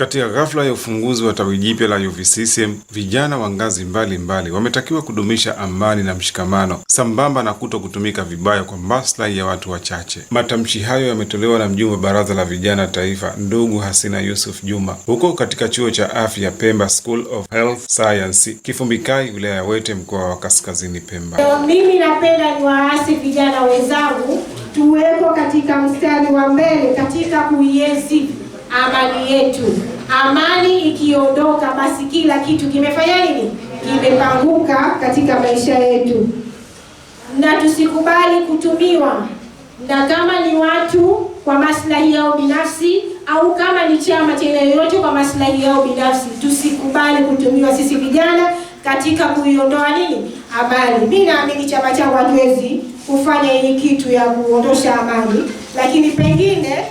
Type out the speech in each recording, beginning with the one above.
Katika ghafla ya ufunguzi wa tawi jipya la UVCCM, vijana wa ngazi mbalimbali wametakiwa kudumisha amani na mshikamano sambamba na kuto kutumika vibaya kwa maslahi ya watu wachache. Matamshi hayo yametolewa na mjumbe wa Baraza la Vijana Taifa, ndugu Hasina Yusuf Juma, huko katika chuo cha afya Pemba School of Health Science, Kifumbikai, wilaya ya Wete, mkoa wa Kaskazini Pemba. Yo, mimi napenda niwaasi vijana wenzangu tuwepo katika mstari wa mbele katika kuiezi amani yetu. Amani ikiondoka, basi kila kitu kimefanya nini? Kimepanguka katika maisha yetu, na tusikubali kutumiwa, na kama ni watu kwa maslahi yao binafsi au kama ni chama cha yoyote kwa maslahi yao binafsi, tusikubali kutumiwa sisi vijana katika kuiondoa nini amani. Mimi naamini chama changu hakiwezi kufanya hii kitu ya kuondosha amani, lakini pengine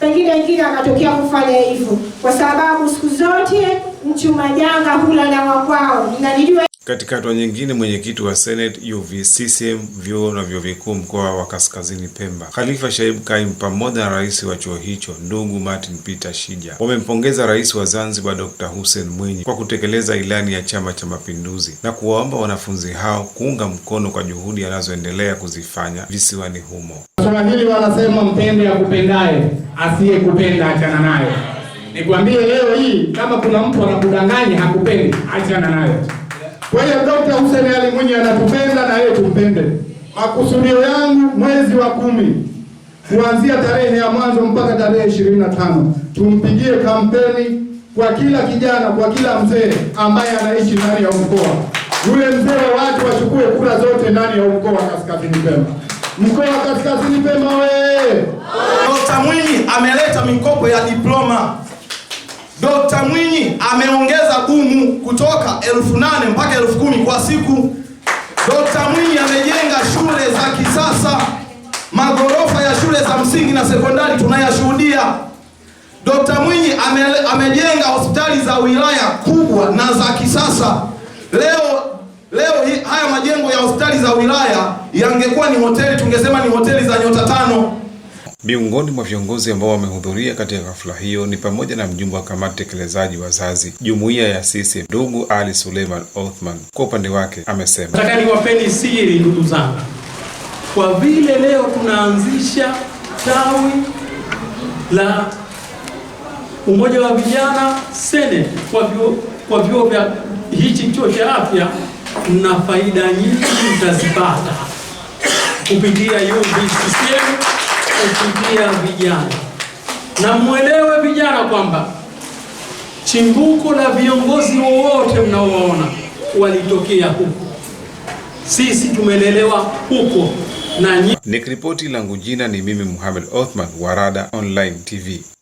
Pengine wengine anatokea kufanya hivyo kwa sababu siku zote mtu majanga hula na wakwao. Ninajua katika hatua nyingine, mwenyekiti wa Senate UVCCM vyuo na vyuo vikuu mkoa wa Kaskazini Pemba, Khalifa Shaib Kaim pamoja na rais wa chuo hicho ndugu Martin Peter Shija wamempongeza rais wa Zanzibar Dr. Hussein Mwinyi kwa kutekeleza ilani ya Chama cha Mapinduzi na kuwaomba wanafunzi hao kuunga mkono kwa juhudi anazoendelea kuzifanya visiwani humo hili wanasema mpende akupendaye, asiyekupenda achana naye. Nikwambie leo hii, kama kuna mtu anakudanganya hakupendi, achana naye. Kwa hiyo Dr. Hussein Ali Mwinyi anatupenda na yeye tumpende. Makusudio yangu mwezi wa kumi kuanzia tarehe ya mwanzo mpaka tarehe ishirini na tano tumpigie kampeni kwa kila kijana, kwa kila mzee ambaye anaishi ndani ya mkoa. Yule mzee wa watu wachukue kura zote ndani ya mkoa Kaskazini Pemba. Mkoa wa Kaskazini Pemba we. Dr. Mwinyi ameleta mikopo ya diploma. Dr. Mwinyi ameongeza bumu kutoka elfu nane mpaka elfu kumi kwa siku. Dr. Mwinyi amejenga shule za kisasa, magorofa ya shule za msingi na sekondari tunayashuhudia. Dr. Mwinyi ame, amejenga hospitali za wilaya kubwa na za kisasa. Leo leo haya majengo ya hospitali za wilaya yangekuwa ni hoteli tungesema ni hoteli za nyota tano. Miongoni mwa viongozi ambao wamehudhuria katika hafla hiyo ni pamoja na mjumbe wa kamati tekelezaji wazazi jumuiya ya CCM ndugu Ali Suleiman Othman. Kwa upande wake amesema, nataka niwapeni siri ndugu zangu, kwa vile leo tunaanzisha tawi la umoja wa vijana Senate kwa vyuo vya hichi chuo cha afya, na faida nyingi mtazipata kupitia UVCCM, kupitia vijana, na mwelewe vijana kwamba chimbuko la viongozi wowote mnaowaona walitokea huko sisi tumelelewa huko na nyinyi. Nikiripoti langu jina ni mimi Muhammad Othman wa Rada Online TV.